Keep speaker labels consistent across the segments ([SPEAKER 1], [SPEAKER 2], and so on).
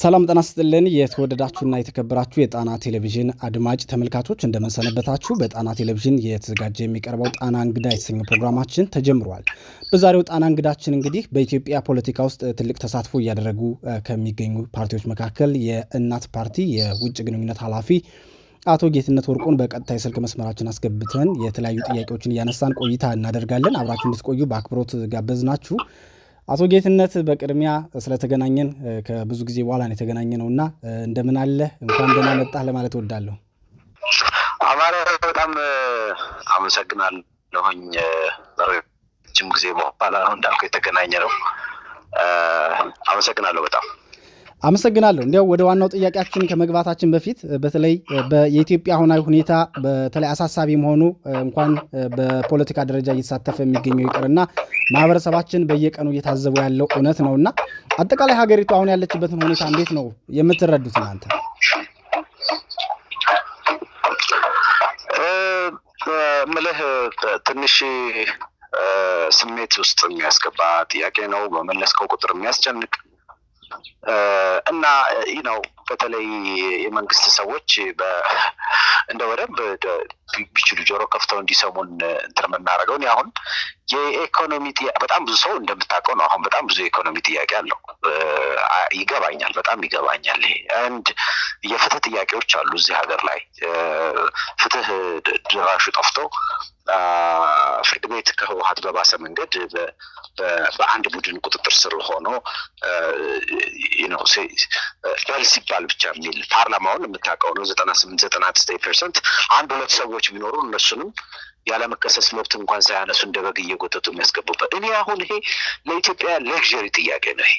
[SPEAKER 1] ሰላም ጠና ስጥልን የተወደዳችሁና የተከበራችሁ የጣና ቴሌቪዥን አድማጭ ተመልካቾች እንደመሰነበታችሁ። በጣና ቴሌቪዥን የተዘጋጀ የሚቀርበው ጣና እንግዳ የተሰኘ ፕሮግራማችን ተጀምሯል። በዛሬው ጣና እንግዳችን እንግዲህ በኢትዮጵያ ፖለቲካ ውስጥ ትልቅ ተሳትፎ እያደረጉ ከሚገኙ ፓርቲዎች መካከል የእናት ፓርቲ የውጭ ግንኙነት ኃላፊ አቶ ጌትነት ወርቁን በቀጥታ የስልክ መስመራችን አስገብተን የተለያዩ ጥያቄዎችን እያነሳን ቆይታ እናደርጋለን። አብራችሁ እንድትቆዩ በአክብሮት ጋበዝ ናችሁ። አቶ ጌትነት በቅድሚያ ስለተገናኘን ከብዙ ጊዜ በኋላ ነው የተገናኘ ነው እና እንደምን አለ እንኳን ደህና መጣህ ለማለት እወዳለሁ።
[SPEAKER 2] አማረ በጣም አመሰግናለሁኝ። ረጅም ጊዜ በኋላ እንዳልኩ የተገናኘ ነው። አመሰግናለሁ በጣም
[SPEAKER 1] አመሰግናለሁ። እንዲያው ወደ ዋናው ጥያቄያችን ከመግባታችን በፊት በተለይ የኢትዮጵያ አሁናዊ ሁኔታ በተለይ አሳሳቢ መሆኑ እንኳን በፖለቲካ ደረጃ እየተሳተፈ የሚገኘው ይቅርና ማህበረሰባችን በየቀኑ እየታዘቡ ያለው እውነት እና አጠቃላይ ሀገሪቱ አሁን ያለችበትን ሁኔታ እንዴት ነው የምትረዱት እናንተ?
[SPEAKER 2] ምልህ ትንሽ ስሜት ውስጥ የሚያስገባ ጥያቄ ነው። በመለስከው ቁጥር የሚያስጨንቅ እና ይህ ነው በተለይ የመንግስት ሰዎች እንደ በደንብ ቢችሉ ጆሮ ከፍተው እንዲሰሙን እንትን የምናደርገውን አሁን የኢኮኖሚ በጣም ብዙ ሰው እንደምታውቀው ነው። አሁን በጣም ብዙ የኢኮኖሚ ጥያቄ አለው። ይገባኛል፣ በጣም ይገባኛል። ይሄ አንድ የፍትህ ጥያቄዎች አሉ እዚህ ሀገር ላይ ፍትህ ድራሹ ጠፍቶ ፍርድ ቤት ከህወሀት በባሰ መንገድ በአንድ ቡድን ቁጥጥር ስር ሆኖ በል ሲባል ብቻ የሚል ፓርላማውን የምታውቀው ነው። ዘጠና ስምንት ዘጠና ዘጠኝ ፐርሰንት አንድ ሁለት ሰዎች ቢኖሩ እነሱንም ያለመከሰስ መብት እንኳን ሳያነሱ እንደ በግ እየጎተቱ የሚያስገቡበት እኔ አሁን ይሄ ለኢትዮጵያ ሌክዥሪ ጥያቄ ነው። ይሄ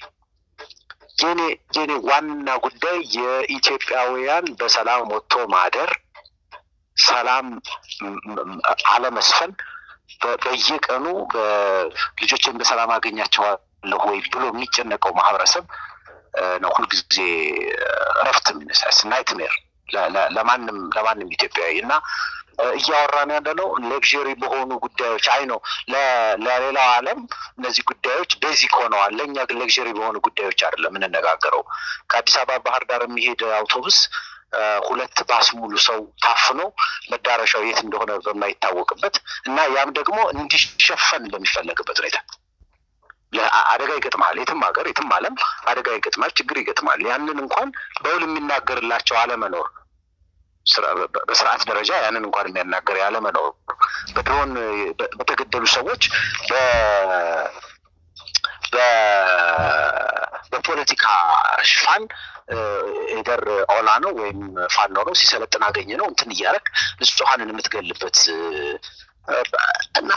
[SPEAKER 2] የኔ የኔ ዋና ጉዳይ የኢትዮጵያውያን በሰላም ወጥቶ ማደር፣ ሰላም አለመስፈን፣ በየቀኑ ልጆችን በሰላም አገኛቸዋለሁ ወይ ብሎ የሚጨነቀው ማህበረሰብ ነው። ሁልጊዜ እረፍት የሚነሳስ ናይትሜር ለማንም ለማንም ኢትዮጵያዊ እና እያወራን ያለነው ለግሪ በሆኑ ጉዳዮች አይ ነው ለሌላው ዓለም እነዚህ ጉዳዮች ቤዚክ ሆነዋል። ለእኛ ግን ለግሪ በሆኑ ጉዳዮች አይደለም የምንነጋገረው። ከአዲስ አበባ ባህር ዳር የሚሄድ አውቶቡስ ሁለት ባስ ሙሉ ሰው ታፍኖ መዳረሻው የት እንደሆነ በማይታወቅበት እና ያም ደግሞ እንዲሸፈን በሚፈለግበት ሁኔታ አደጋ ይገጥማል። የትም ሀገር የትም ዓለም አደጋ ይገጥማል፣ ችግር ይገጥማል። ያንን እንኳን በውል የሚናገርላቸው አለመኖር በስርዓት ደረጃ ያንን እንኳን የሚያናገር ያለመኖር በድሮን በተገደሉ ሰዎች በፖለቲካ ሽፋን ሄደር ኦላ ነው ወይም ፋኖ ነው ሲሰለጥን አገኘ ነው እንትን እያደረግ ንጹሐንን የምትገልበት እና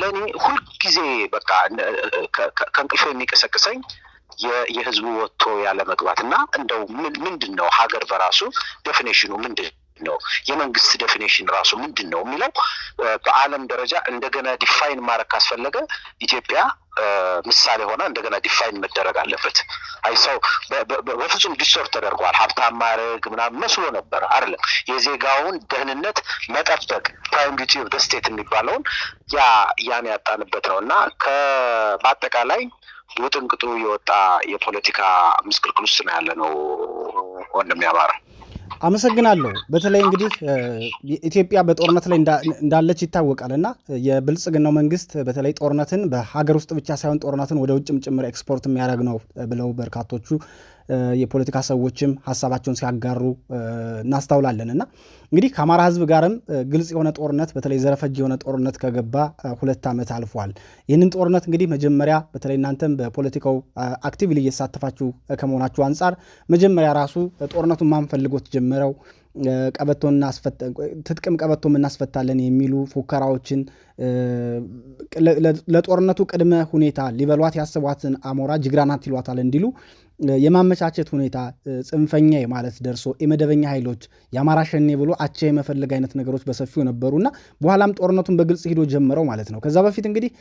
[SPEAKER 2] ለእኔ ሁልጊዜ በቃ ከእንቅልፎ የሚቀሰቅሰኝ የህዝቡ ወጥቶ ያለ መግባት እና እንደው ምንድን ነው ሀገር በራሱ ዴፊኔሽኑ ምንድን ነው? የመንግስት ዴፊኔሽን ራሱ ምንድን ነው የሚለው በዓለም ደረጃ እንደገና ዲፋይን ማድረግ ካስፈለገ ኢትዮጵያ ምሳሌ ሆና እንደገና ዲፋይን መደረግ አለበት። አይ ሰው በፍጹም ዲስቶርት ተደርጓል። ሀብታም ማድረግ ምናምን መስሎ ነበር አይደለም። የዜጋውን ደህንነት መጠበቅ ፕራይም ስቴት የሚባለውን ያ ያን ያጣንበት ነው እና በአጠቃላይ ውጥንቅጡ የወጣ የፖለቲካ ምስቅልቅል ውስጥ ነው ያለ ነው። ወንድም ያማረ
[SPEAKER 1] አመሰግናለሁ። በተለይ እንግዲህ ኢትዮጵያ በጦርነት ላይ እንዳለች ይታወቃል እና የብልጽግናው መንግስት በተለይ ጦርነትን በሀገር ውስጥ ብቻ ሳይሆን ጦርነትን ወደ ውጭም ጭምር ኤክስፖርት የሚያደርግ ነው ብለው በርካቶቹ የፖለቲካ ሰዎችም ሀሳባቸውን ሲያጋሩ እናስታውላለን እና እንግዲህ ከአማራ ህዝብ ጋርም ግልጽ የሆነ ጦርነት በተለይ ዘረፈጅ የሆነ ጦርነት ከገባ ሁለት ዓመት አልፏል። ይህንን ጦርነት እንግዲህ መጀመሪያ በተለይ እናንተም በፖለቲካው አክቲቭሊ እየተሳተፋችሁ ከመሆናችሁ አንጻር መጀመሪያ ራሱ ጦርነቱን ማንፈልጎት ጀመረው ቀበቶ ትጥቅም እናስፈታለን የሚሉ ፉከራዎችን ለጦርነቱ ቅድመ ሁኔታ ሊበሏት ያስቧትን አሞራ ጅግራናት ይሏታል እንዲሉ የማመቻቸት ሁኔታ ጽንፈኛ የማለት ደርሶ የመደበኛ ኃይሎች የአማራ ሸኔ ብሎ አቻ የመፈለግ አይነት ነገሮች በሰፊው ነበሩና በኋላም ጦርነቱን በግልጽ ሂዶ ጀምረው ማለት ነው። ከዛ በፊት እንግዲህ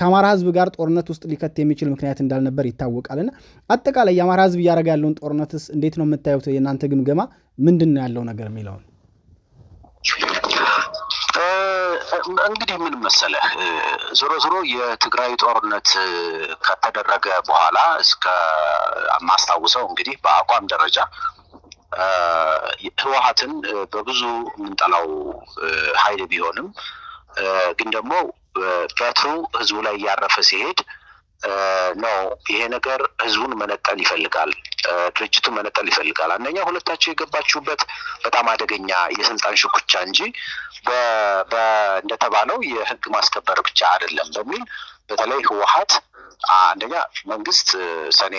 [SPEAKER 1] ከአማራ ሕዝብ ጋር ጦርነት ውስጥ ሊከት የሚችል ምክንያት እንዳልነበር ይታወቃልና አጠቃላይ የአማራ ሕዝብ እያደረገ ያለውን ጦርነትስ እንዴት ነው የምታዩት? የእናንተ ግምገማ ምንድን ነው ያለው ነገር የሚለውን
[SPEAKER 2] እንግዲህ ምን መሰለ ዞሮ ዞሮ የትግራይ ጦርነት ከተደረገ በኋላ እስከ ማስታውሰው እንግዲህ በአቋም ደረጃ ህወሀትን በብዙ የምንጠላው ሀይል ቢሆንም ግን ደግሞ በትሩ ህዝቡ ላይ እያረፈ ሲሄድ ነው። ይሄ ነገር ህዝቡን መነጠል ይፈልጋል፣ ድርጅቱን መነጠል ይፈልጋል። አንደኛ ሁለታቸው የገባችሁበት በጣም አደገኛ የስልጣን ሽኩቻ እንጂ እንደተባለው የህግ ማስከበር ብቻ አይደለም በሚል በተለይ ህወሀት አንደኛ መንግስት ሰኔ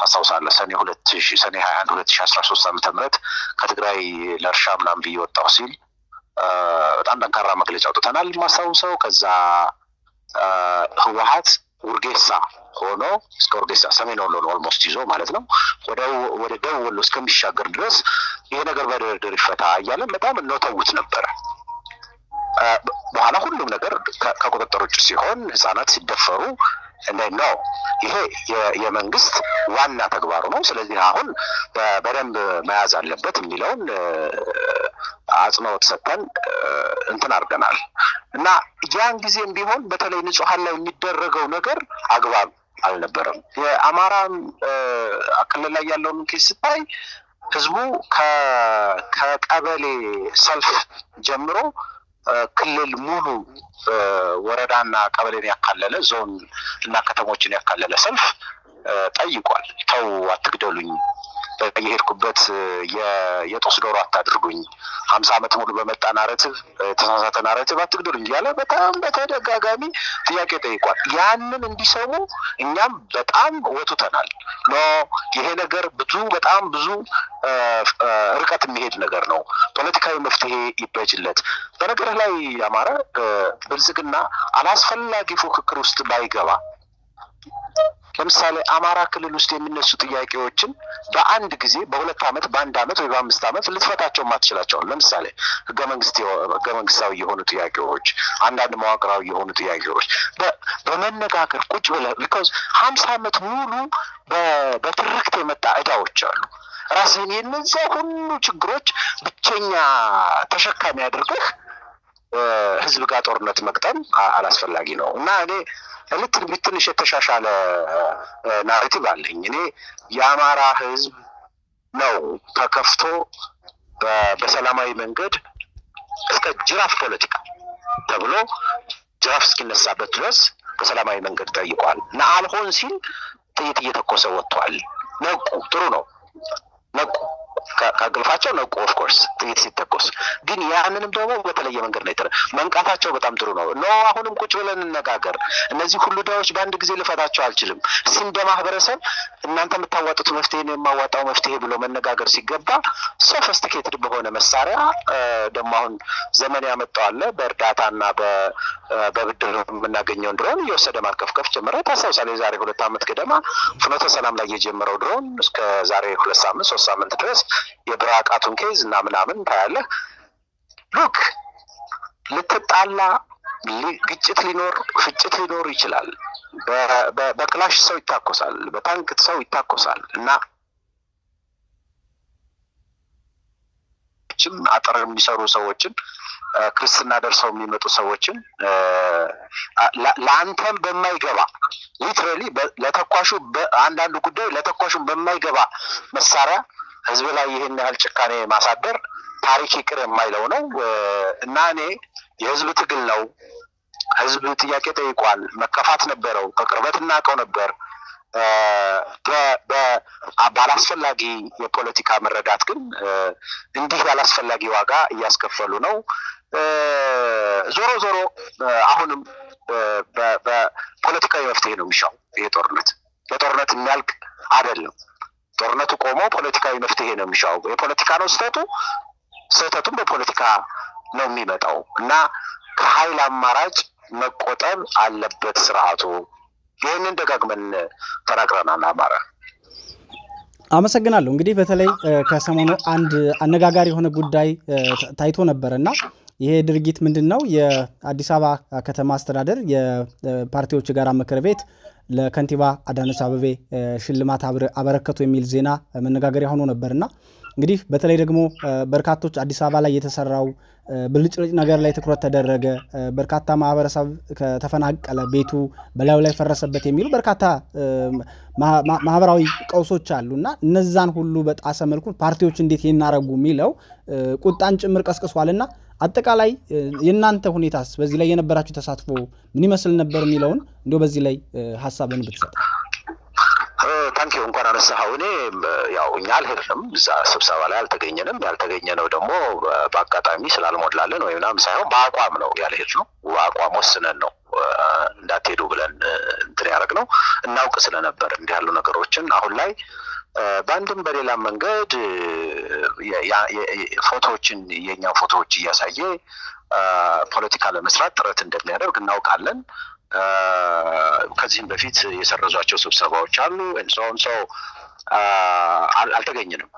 [SPEAKER 2] ታስታውሳለህ ሰኔ ሁለት ሰኔ ሀያ አንድ ሁለት ሺ አስራ ሶስት ዓመተ ምህረት ከትግራይ ለእርሻ ምናምን ብዬ ወጣሁ ሲል በጣም ጠንካራ መግለጫ አውጥተናል ማስታውሰው። ከዛ ህወሀት ውርጌሳ ሆኖ እስከ ውርጌሳ ሰሜን ወሎን ኦልሞስት ይዞ ማለት ነው ወደ ደቡብ ወሎ እስከሚሻገር ድረስ ይሄ ነገር በድርድር ይፈታ እያለን በጣም እንተውት ነበረ። በኋላ ሁሉም ነገር ከቁጥጥር ውጭ ሲሆን ህጻናት ሲደፈሩ ነው። ይሄ የመንግስት ዋና ተግባሩ ነው። ስለዚህ አሁን በደንብ መያዝ አለበት የሚለውን አጽንኦት ሰጥተን እንትን አድርገናል እና ያን ጊዜም ቢሆን በተለይ ንጹሐን ላይ የሚደረገው ነገር አግባብ አልነበረም። የአማራ ክልል ላይ ያለውን ኬስ ስታይ ህዝቡ ከቀበሌ ሰልፍ ጀምሮ ክልል ሙሉ ወረዳና ቀበሌን ያካለለ ዞን እና ከተሞችን ያካለለ ሰልፍ ጠይቋል። ተው አትግደሉኝ የሄድኩበት የጦስ ዶሮ አታድርጉኝ፣ ሀምሳ ዓመት ሙሉ በመጣ ናረትብ ተሳሳተ ናረትብ አትግደሉ እንጂ ያለ በጣም በተደጋጋሚ ጥያቄ ጠይቋል። ያንን እንዲሰሙ እኛም በጣም ወቱተናል። ኖ ይሄ ነገር ብዙ በጣም ብዙ ርቀት የሚሄድ ነገር ነው። ፖለቲካዊ መፍትሄ ይበጅለት። በነገር ላይ አማራ ብልጽግና አላስፈላጊ ፉክክር ውስጥ ባይገባ ለምሳሌ አማራ ክልል ውስጥ የሚነሱ ጥያቄዎችን በአንድ ጊዜ በሁለት ዓመት በአንድ ዓመት ወይ በአምስት ዓመት ልትፈታቸው ማትችላቸውን ለምሳሌ ህገ መንግስት ህገ መንግስታዊ የሆኑ ጥያቄዎች፣ አንዳንድ መዋቅራዊ የሆኑ ጥያቄዎች በመነጋገር ቁጭ ብለ ቢካዝ ሀምሳ ዓመት ሙሉ በትርክት የመጣ እዳዎች አሉ። ራስህን የነዚያ ሁሉ ችግሮች ብቸኛ ተሸካሚ አድርገህ ህዝብ ጋር ጦርነት መቅጠም አላስፈላጊ ነው እና እኔ ልክ ትንሽ የተሻሻለ ናሬቲቭ አለኝ። እኔ የአማራ ህዝብ ነው ተከፍቶ በሰላማዊ መንገድ እስከ ጅራፍ ፖለቲካ ተብሎ ጅራፍ እስኪነሳበት ድረስ በሰላማዊ መንገድ ጠይቋል እና አልሆን ሲል ጥይት እየተኮሰ ወጥቷል። ነቁ። ጥሩ ነው። ነቁ። ከእንቅልፋቸው ነቁ። ኦፍኮርስ ጥይት ሲተኮስ ግን ያንንም ደግሞ በተለየ መንገድ ነው የተረ መንቃታቸው በጣም ጥሩ ነው። ኖ አሁንም ቁጭ ብለን እንነጋገር። እነዚህ ሁሉ ዳዎች በአንድ ጊዜ ልፈታቸው አልችልም። ሲን እንደ ማህበረሰብ እናንተ የምታዋጡት መፍትሄ ነው የማዋጣው መፍትሄ ብሎ መነጋገር ሲገባ ሶፈስቲኬትድ በሆነ መሳሪያ ደግሞ አሁን ዘመን በእርዳታ በእርዳታና በብድር የምናገኘውን ድሮን እየወሰደ ማርከፍከፍ ጀመረ። ታስታውሳለህ? የዛሬ ሁለት ዓመት ገደማ ፍኖተ ሰላም ላይ የጀመረው ድሮን እስከ ዛሬ ሁለት ሳምንት ሶስት ሳምንት ድረስ የብራቃቱን ኬዝ እና ምናምን ታያለህ። ሉክ ልትጣላ ግጭት ሊኖር ፍጭት ሊኖር ይችላል። በክላሽ ሰው ይታኮሳል፣ በታንክ ሰው ይታኮሳል እና አጥር የሚሰሩ ሰዎችን ክርስትና ደርሰው የሚመጡ ሰዎችን ለአንተም በማይገባ ሊትራሊ ለተኳሹ አንዳንዱ ጉዳይ ለተኳሹ በማይገባ መሳሪያ ህዝብ ላይ ይህን ያህል ጭካኔ ማሳደር ታሪክ ይቅር የማይለው ነው እና እኔ የህዝብ ትግል ነው። ህዝብ ጥያቄ ጠይቋል። መከፋት ነበረው። በቅርበት እናውቀው ነበር። ባላስፈላጊ የፖለቲካ መረዳት ግን እንዲህ ባላስፈላጊ ዋጋ እያስከፈሉ ነው። ዞሮ ዞሮ አሁንም በፖለቲካዊ መፍትሄ ነው የሚሻው ይሄ ጦርነት። ለጦርነት የሚያልቅ አይደለም። ጦርነቱ ቆሞ ፖለቲካዊ መፍትሄ ነው የሚሻው። የፖለቲካ ነው ስህተቱ፣ ስህተቱም በፖለቲካ ነው የሚመጣው እና ከሀይል አማራጭ መቆጠብ አለበት ስርዓቱ። ይህንን ደጋግመን ተናግረናል። አማራ
[SPEAKER 1] አመሰግናለሁ። እንግዲህ በተለይ ከሰሞኑ አንድ አነጋጋሪ የሆነ ጉዳይ ታይቶ ነበር እና ይሄ ድርጊት ምንድን ነው? የአዲስ አበባ ከተማ አስተዳደር የፓርቲዎች ጋራ ምክር ቤት ለከንቲባ አዳነች አበቤ ሽልማት አበረከቱ የሚል ዜና መነጋገሪያ ሆኖ ነበርና እንግዲህ በተለይ ደግሞ በርካቶች አዲስ አበባ ላይ የተሰራው ብልጭልጭ ነገር ላይ ትኩረት ተደረገ፣ በርካታ ማህበረሰብ ከተፈናቀለ፣ ቤቱ በላዩ ላይ ፈረሰበት የሚሉ በርካታ ማህበራዊ ቀውሶች አሉ እና እነዛን ሁሉ በጣሰ መልኩ ፓርቲዎች እንዴት ይናረጉ የሚለው ቁጣን ጭምር ቀስቅሷልና አጠቃላይ የእናንተ ሁኔታስ በዚህ ላይ የነበራችሁ ተሳትፎ ምን ይመስል ነበር የሚለውን እንዲ በዚህ ላይ ሀሳብን ብትሰጥ።
[SPEAKER 2] ታንኪው እንኳን አነሳኸው። እኔ ያው እኛ አልሄድንም፣ እዛ ስብሰባ ላይ አልተገኘንም። ያልተገኘ ነው ደግሞ በአጋጣሚ ስላልሞላልን ወይ ምናምን ሳይሆን በአቋም ነው ያልሄድነው። በአቋም ወስነን ነው እንዳትሄዱ ብለን እንትን ያደረግነው። እናውቅ ስለነበር እንዲህ ያሉ ነገሮችን አሁን ላይ በአንድም በሌላ መንገድ ፎቶዎችን የኛው ፎቶዎች እያሳየ ፖለቲካ ለመስራት ጥረት እንደሚያደርግ እናውቃለን። ከዚህም በፊት የሰረዟቸው ስብሰባዎች አሉ። ሰውን ሰው አልተገኘንም።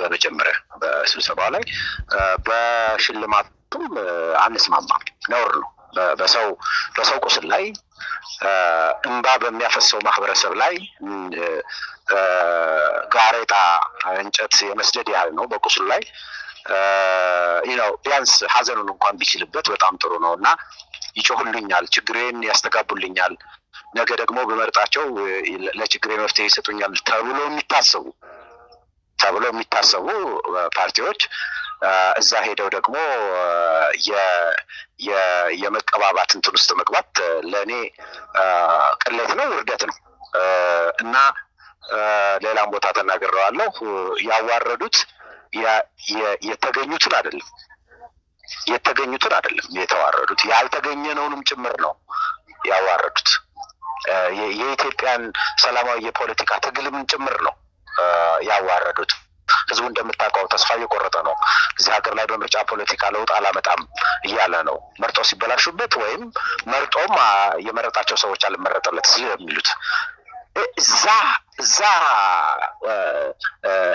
[SPEAKER 2] በመጀመሪያ በስብሰባው ላይ በሽልማቱም አንስማማም፣ ነውር ነው። በሰው በሰው ቁስል ላይ እንባ በሚያፈሰው ማህበረሰብ ላይ ጋሬጣ እንጨት የመስደድ ያህል ነው። በቁስል ላይ ነው። ቢያንስ ሀዘኑን እንኳን ቢችልበት በጣም ጥሩ ነው እና ይጮሁልኛል፣ ችግሬን ያስተጋቡልኛል፣ ነገ ደግሞ በመርጣቸው ለችግሬ መፍትሄ ይሰጡኛል ተብሎ የሚታሰቡ ተብሎ የሚታሰቡ ፓርቲዎች እዛ ሄደው ደግሞ የመቀባባት እንትን ውስጥ መግባት ለእኔ ቅሌት ነው፣ ውርደት ነው እና ሌላም ቦታ ተናግረዋለሁ። ያዋረዱት የተገኙትን አይደለም የተገኙትን አይደለም የተዋረዱት ያልተገኘነውንም ጭምር ነው ያዋረዱት። የኢትዮጵያን ሰላማዊ የፖለቲካ ትግልም ጭምር ነው ያዋረዱት። ህዝቡ እንደምታውቀው ተስፋ እየቆረጠ ነው። እዚህ ሀገር ላይ በምርጫ ፖለቲካ ለውጥ አላመጣም እያለ ነው። መርጦ ሲበላሹበት ወይም መርጦም የመረጣቸው ሰዎች አልመረጠለት ሲል የሚሉት እዛ እዛ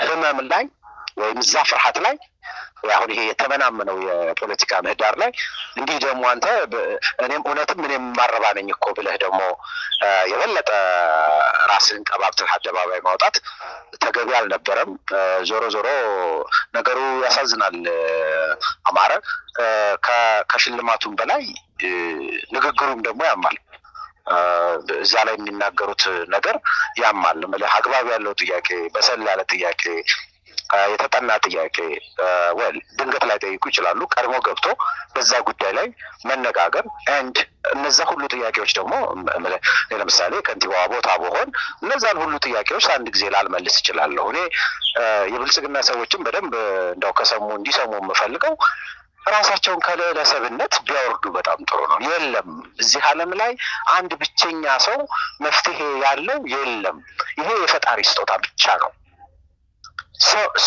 [SPEAKER 2] ህመም ላይ ወይም እዛ ፍርሃት ላይ አሁን ይሄ የተመናመነው የፖለቲካ ምህዳር ላይ እንዲህ ደግሞ አንተ እኔም እውነትም እኔም ማረባ ነኝ እኮ ብለህ ደግሞ የበለጠ ራስን ቀባብተህ አደባባይ ማውጣት ተገቢ አልነበረም። ዞሮ ዞሮ ነገሩ ያሳዝናል። አማረ ከሽልማቱም በላይ ንግግሩም ደግሞ ያማል። እዛ ላይ የሚናገሩት ነገር ያማል። አግባብ ያለው ጥያቄ፣ በሰል ያለ ጥያቄ የተጠና ጥያቄ ድንገት ላይ ጠይቁ ይችላሉ። ቀድሞ ገብቶ በዛ ጉዳይ ላይ መነጋገር ኤንድ እነዛ ሁሉ ጥያቄዎች ደግሞ ለምሳሌ ከንቲባዋ ቦታ በሆን እነዛን ሁሉ ጥያቄዎች አንድ ጊዜ ላልመልስ እችላለሁ። እኔ የብልጽግና ሰዎችን በደንብ እንዳው ከሰሙ እንዲሰሙ የምፈልገው ራሳቸውን ከልዕለሰብነት ቢያወርዱ በጣም ጥሩ ነው። የለም እዚህ ዓለም ላይ አንድ ብቸኛ ሰው መፍትሄ ያለው የለም። ይሄ የፈጣሪ ስጦታ ብቻ ነው።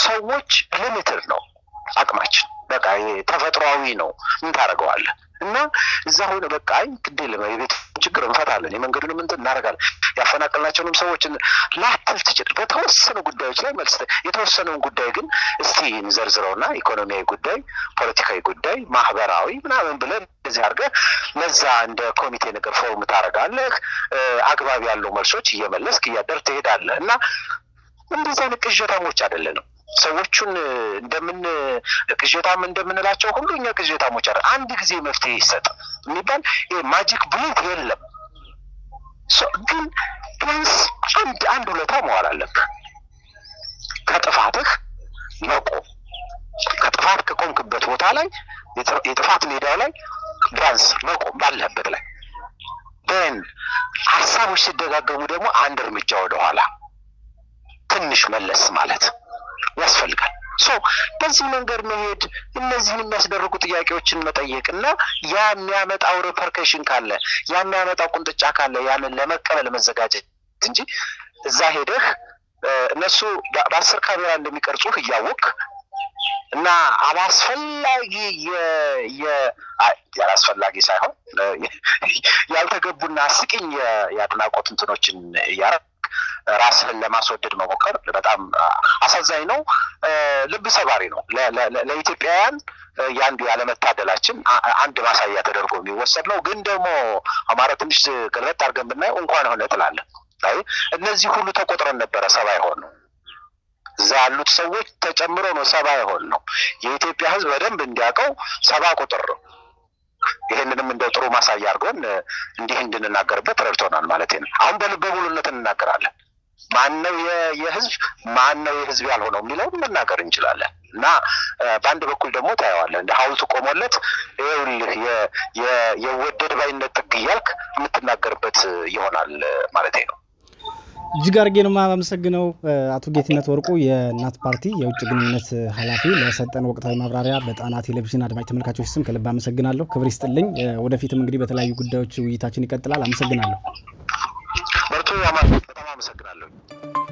[SPEAKER 2] ሰዎች ሊሚትድ ነው አቅማችን። በቃ ተፈጥሯዊ ነው። ምን ታደርገዋለህ? እና እዛ ሆነ በቃ አይ ግዴለ የቤት ችግር እንፈታለን፣ የመንገዱንም ምንት እናደርጋለን፣ ያፈናቀልናቸውንም ሰዎችን ላትል ትችል። በተወሰኑ ጉዳዮች ላይ መልስ የተወሰነውን ጉዳይ ግን እስቲ እንዘርዝረውና ኢኮኖሚያዊ ጉዳይ፣ ፖለቲካዊ ጉዳይ፣ ማህበራዊ ምናምን ብለን እንደዚህ አድርገህ ለዛ እንደ ኮሚቴ ነገር ፎርም ታደርጋለህ። አግባብ ያለው መልሶች እየመለስክ እያደር ትሄዳለህ እና እንደዚህ አይነት ቅዠታሞች አይደለንም። ሰዎቹን እንደምን ቅዠታም እንደምንላቸው ሁሉ እኛ ቅዠታሞች አይደል። አንድ ጊዜ መፍትሄ ይሰጥ የሚባል ማጂክ ብሌት የለም። ግን ቢያንስ አንድ አንድ ሁለታ መዋል አለብህ ከጥፋትህ መቆም ከጥፋት ከቆምክበት ቦታ ላይ የጥፋት ሜዳው ላይ ቢያንስ መቆም ባለበት ላይ ን ሀሳቦች ሲደጋገሙ ደግሞ አንድ እርምጃ ወደኋላ ትንሽ መለስ ማለት ያስፈልጋል። ሶ በዚህ መንገድ መሄድ እነዚህን የሚያስደርጉ ጥያቄዎችን መጠየቅ እና ያ የሚያመጣው ሪፐርኬሽን ካለ ያ የሚያመጣው ቁንጥጫ ካለ ያንን ለመቀበል መዘጋጀት እንጂ እዛ ሄደህ እነሱ በአስር ካሜራ እንደሚቀርጹህ እያወቅ እና አላስፈላጊ ያላስፈላጊ ሳይሆን ያልተገቡና አስቂኝ የአድናቆት እንትኖችን እያረ ራስህን ለማስወደድ መሞከር በጣም አሳዛኝ ነው፣ ልብ ሰባሪ ነው። ለኢትዮጵያውያን የአንዱ ያለመታደላችን አንድ ማሳያ ተደርጎ የሚወሰድ ነው። ግን ደግሞ አማራ ትንሽ ገልበጥ አድርገን ብናየው እንኳን ሆነ ትላለን። አይ እነዚህ ሁሉ ተቆጥረን ነበረ ሰባ ይሆን ነው እዛ ያሉት ሰዎች ተጨምሮ ነው ሰባ ይሆን ነው። የኢትዮጵያ ሕዝብ በደንብ እንዲያውቀው ሰባ ቁጥር ነው። ይህንንም እንደ ጥሩ ማሳያ አድርገን እንዲህ እንድንናገርበት ረድቶናል ማለት ነው። አሁን በልበ ሙሉነት እንናገራለን። ማን ነው የህዝብ ማን ነው የህዝብ ያልሆነው የሚለውን መናገር እንችላለን። እና በአንድ በኩል ደግሞ ታየዋለን እንደ ሀውልት ቆሞለት ይኸውልህ የወደድ ባይነት ጥግ እያልክ የምትናገርበት ይሆናል ማለት ነው።
[SPEAKER 1] እጅግ አድርጌ ነው የማመሰግነው አቶ ጌትነት ወርቁ የእናት ፓርቲ የውጭ ግንኙነት ኃላፊ ለሰጠን ወቅታዊ ማብራሪያ በጣና ቴሌቪዥን አድማጭ ተመልካቾች ስም ከልብ አመሰግናለሁ። ክብር ይስጥልኝ። ወደፊትም እንግዲህ በተለያዩ ጉዳዮች ውይይታችን ይቀጥላል። አመሰግናለሁ። በርቱ። በጣም አመሰግናለሁ።